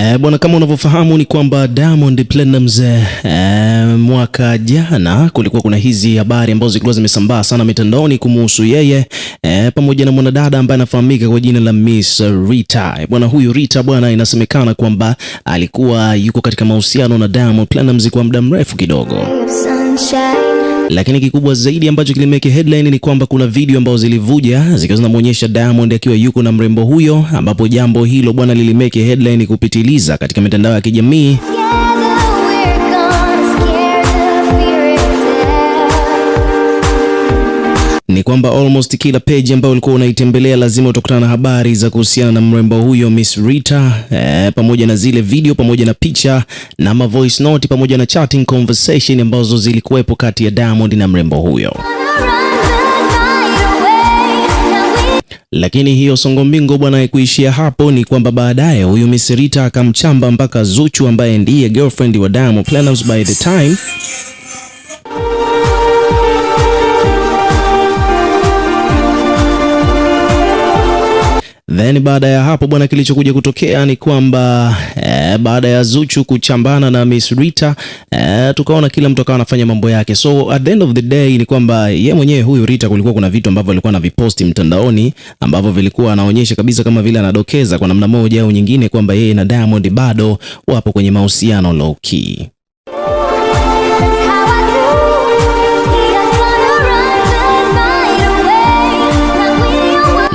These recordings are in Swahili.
Eh, bwana kama unavyofahamu ni kwamba Diamond Platnumz e, eh, mwaka jana kulikuwa kuna hizi habari ambazo zilikuwa zimesambaa sana mitandaoni kumuhusu yeye e, pamoja na mwanadada ambaye anafahamika kwa jina la Miss Rita. E, bwana huyu Rita bwana, inasemekana kwamba alikuwa yuko katika mahusiano na Diamond Platnumz kwa muda mrefu kidogo. Sunshine. Lakini kikubwa zaidi ambacho kilimeke headline ni kwamba kuna video ambazo zilivuja zikiwa zinamuonyesha Diamond akiwa yuko na mrembo huyo, ambapo jambo hilo bwana lilimeke headline kupitiliza katika mitandao ya kijamii. ni kwamba almost kila page ambayo ulikuwa unaitembelea lazima utakutana na habari za kuhusiana na mrembo huyo Miss Rita eh, pamoja na zile video pamoja na picha na ma voice note pamoja na chatting conversation ambazo zilikuwepo kati ya Diamond na mrembo huyo. Lakini hiyo songo mbingo bwana, haikuishia hapo. Ni kwamba baadaye huyu Miss Rita akamchamba mpaka Zuchu ambaye ndiye girlfriend wa Diamond Platnumz by the time Then baada ya hapo bwana, kilichokuja kutokea ni kwamba e, baada ya Zuchu kuchambana na Miss Rita e, tukaona kila mtu akawa anafanya mambo yake, so at the end of the day ni kwamba ye mwenyewe huyu Rita, kulikuwa kuna vitu ambavyo alikuwa anaviposti mtandaoni ambavyo vilikuwa anaonyesha kabisa kama vile anadokeza kwa namna moja au nyingine kwamba yeye na Diamond bado wapo kwenye mahusiano low key.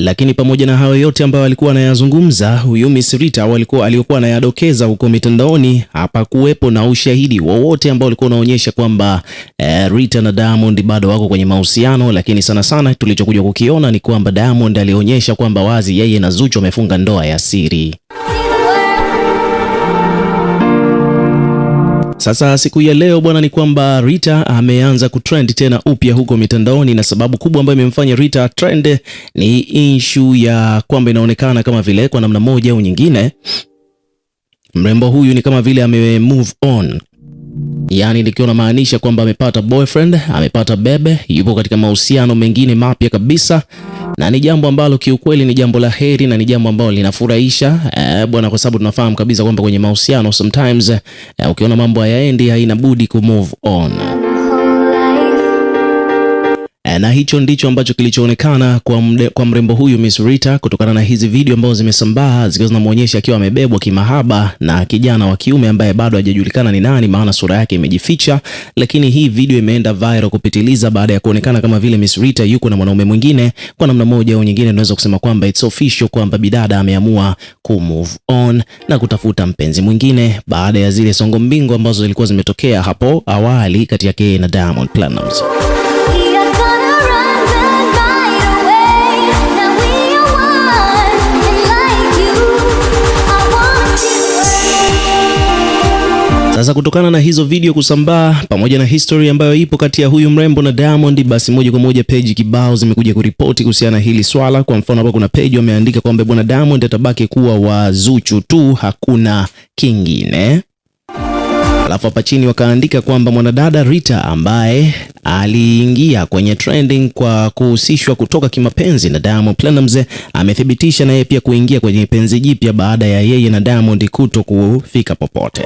Lakini pamoja na hayo yote ambayo alikuwa anayazungumza huyu Misrita walikuwa aliyokuwa anayadokeza huko mitandaoni, hapakuwepo na ushahidi wowote ambao ulikuwa unaonyesha kwamba e, Rita na Diamond bado wako kwenye mahusiano. Lakini sana sana tulichokuja kukiona ni kwamba Diamond alionyesha kwamba wazi yeye na Zuchu wamefunga ndoa ya siri. Sasa siku ya leo bwana, ni kwamba Rita ameanza kutrend tena upya huko mitandaoni, na sababu kubwa ambayo imemfanya Rita trend ni issue ya kwamba inaonekana kama vile kwa namna moja au nyingine mrembo huyu ni kama vile ame move on yaani nikiwa namaanisha kwamba amepata boyfriend, amepata bebe, yupo katika mahusiano mengine mapya kabisa na ni jambo ambalo kiukweli ni jambo la heri na ni jambo ambalo linafurahisha eh, bwana, kwa sababu tunafahamu kabisa kwamba kwenye mahusiano sometimes eh, ukiona mambo hayaendi haina budi move on. Eh, na hicho ndicho ambacho kilichoonekana kwa, kwa mrembo huyu Miss Rita kutokana na hizi video ambazo zimesambaa zikiwa zinamuonyesha akiwa amebebwa kimahaba na kijana wa kiume ambaye bado hajajulikana ni nani, maana sura yake imejificha. Lakini hii video imeenda viral kupitiliza baada ya kuonekana kama vile Miss Rita yuko na mwanaume mwingine. Kwa namna moja au nyingine, tunaweza kusema kwamba it's official kwamba bidada ameamua ku move on na kutafuta mpenzi mwingine baada ya zile songo mbingo ambazo zilikuwa zimetokea hapo awali kati yake na Diamond Platnumz. kutokana na hizo video kusambaa pamoja na history ambayo ipo kati ya huyu mrembo na Diamond, basi moja kwa moja page kibao zimekuja kuripoti kuhusiana na hili swala. Kwa mfano, hapa kuna page wameandika kwamba bwana Diamond atabaki kuwa wa Zuchu tu, hakuna kingine. Alafu hapa chini wakaandika kwamba mwanadada Rita ambaye aliingia kwenye trending kwa kuhusishwa kutoka kimapenzi na Diamond Platinumz amethibitisha na yeye pia kuingia kwenye penzi jipya baada ya yeye na Diamond kuto kufika popote.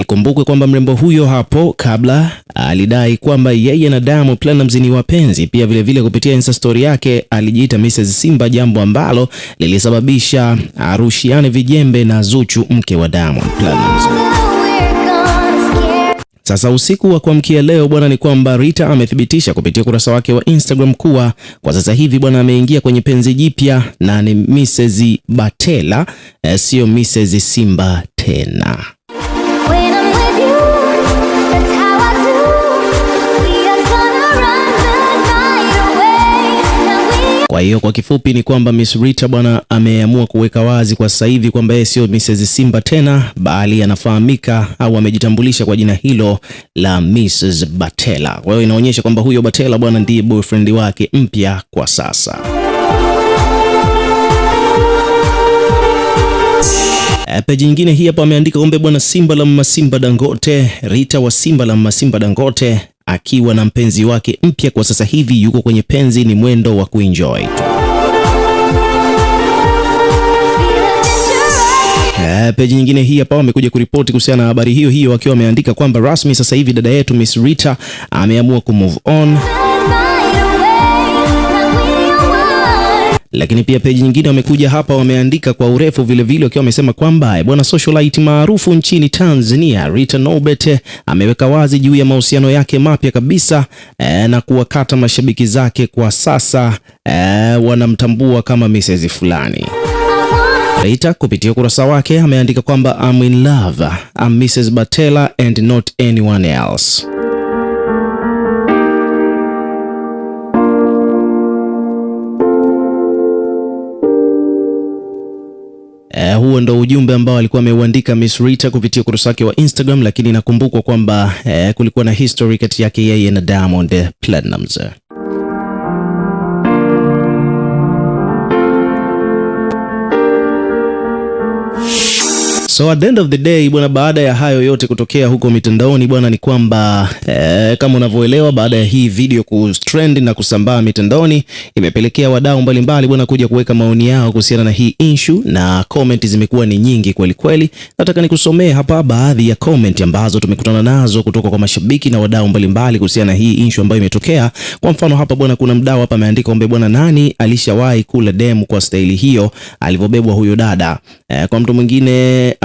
Ikumbukwe kwamba mrembo huyo hapo kabla alidai kwamba yeye na Diamond Platinumz ni wapenzi. Pia vilevile vile kupitia Insta story yake alijiita Mrs Simba, jambo ambalo lilisababisha arushiane vijembe na Zuchu, mke wa Diamond Platinumz. Sasa usiku wa kuamkia leo bwana, ni kwamba Rita amethibitisha kupitia ukurasa wake wa Instagram kuwa kwa sasa hivi bwana ameingia kwenye penzi jipya na ni Mrs Batela, eh, sio Mrs Simba tena. Kwa hiyo kwa kifupi ni kwamba Miss Rita bwana ameamua kuweka wazi kwa sasa hivi kwamba yeye sio Mrs Simba tena, bali anafahamika au amejitambulisha kwa jina hilo la Mrs Batela. Kwa hiyo inaonyesha kwamba huyo Batela bwana ndiye boyfriend wake mpya kwa sasa. Eh, peji nyingine hii hapa ameandika kwamba bwana Simba la mama Simba Dangote, Rita wa Simba la mama Simba Dangote akiwa na mpenzi wake mpya. Kwa sasa hivi yuko kwenye penzi, ni mwendo wa kuenjoy eh, Peji nyingine hii hapa wamekuja kuripoti kuhusiana na habari hiyo hiyo, akiwa ameandika kwamba rasmi sasa hivi dada yetu Miss Rita ameamua kumove on. Lakini pia peji nyingine wamekuja hapa wameandika kwa urefu vilevile, wakiwa wamesema kwamba eh, bwana socialite maarufu nchini Tanzania Rita Nobet eh, ameweka wazi juu ya mahusiano yake mapya kabisa e, na kuwakata mashabiki zake kwa sasa e, wanamtambua kama misezi fulani. Rita kupitia ukurasa wake ameandika kwamba I'm in love, I'm Mrs. Batela and not anyone else. Eh, huo ndo ujumbe ambao alikuwa ameuandika Miss Rita kupitia ukurasa wake wa Instagram, lakini nakumbukwa kwamba eh, kulikuwa na history kati yake yeye na Diamond Platnumz. So at the end of the day bwana, baada ya hayo yote kutokea huko mitandaoni bwana, ni kwamba eh, kama unavyoelewa, baada ya hii video kutrend na kusambaa mitandaoni, imepelekea wadau mbalimbali bwana kuja kuweka maoni yao kuhusiana na hii issue, na comment zimekuwa ni nyingi kweli kweli. Nataka nikusomee hapa baadhi ya comment ambazo tumekutana nazo kutoka kwa mashabiki na wadau mbalimbali kuhusiana na hii issue ambayo imetokea. Kwa mfano hapa bwana, kuna mdau hapa ameandika kwamba bwana, nani alishawahi kula demu kwa staili hiyo alivyobebwa huyo dada eh, kwa mtu mwingine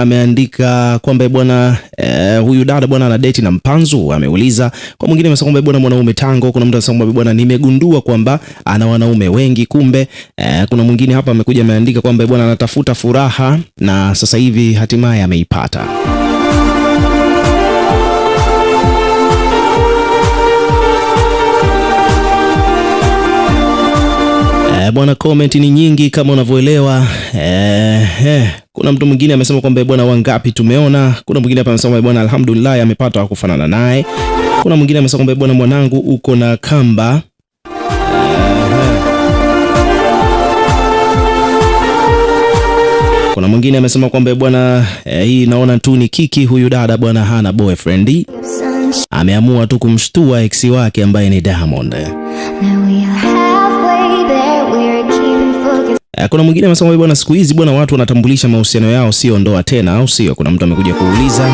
ameandika kwamba bwana eh, huyu dada bwana ana date na mpanzu. Ameuliza kwa mwingine, amesema kwamba bwana mwanaume tango. Kuna mtu anasema kwamba bwana, nimegundua kwamba ana wanaume wengi kumbe. Eh, kuna mwingine hapa amekuja ameandika kwamba bwana anatafuta furaha na sasa hivi hatimaye ameipata. E, bwana comment ni nyingi kama unavyoelewa. Eh, eh, kuna mtu mwingine amesema kwamba eh, bwana wangapi tumeona. Kuna mwingine hapa amesema bwana alhamdulillah amepata wa kufanana naye. Kuna mwingine amesema kwamba eh, bwana mwanangu uko na kamba Kuna mwingine amesema kwamba bwana eh, hii naona tu ni kiki. Huyu dada bwana hana boyfriend, ameamua tu kumshtua ex wake ambaye ni Diamond. Kuna mwingine amesema bwana, siku hizi bwana, watu wanatambulisha mahusiano yao, sio ndoa tena, au sio? Kuna mtu amekuja kuuliza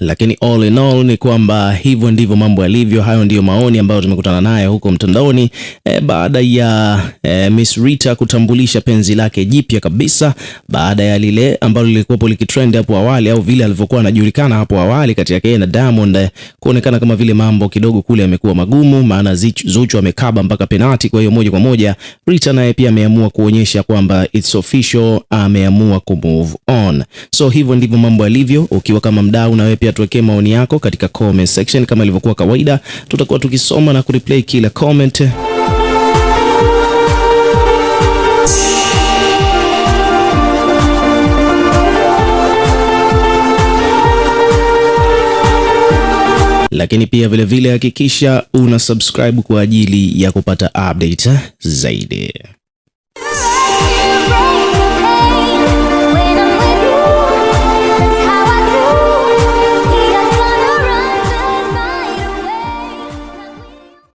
lakini all in all ni kwamba hivyo ndivyo mambo yalivyo. Hayo ndiyo maoni ambayo tumekutana nayo huko mtandaoni e, baada ya e, Miss Rita kutambulisha penzi lake jipya kabisa baada ya lile ambalo lilikuwapo likitrend hapo awali au vile alivyokuwa anajulikana hapo awali kati yake na Diamond, eh, kuonekana kama vile mambo kidogo kule yamekuwa magumu, maana Zuchu amekaba mpaka penati. Kwa hiyo moja kwa moja Rita naye pia ameamua kuonyesha kwamba it's official, ameamua kumove on. So hivyo ndivyo mambo yalivyo. Ukiwa kama mdau na wewe pia pia tuwekee maoni yako katika comment section. Kama ilivyokuwa kawaida, tutakuwa tukisoma na kureplay kila comment. Lakini pia vilevile hakikisha una subscribe kwa ajili ya kupata update zaidi.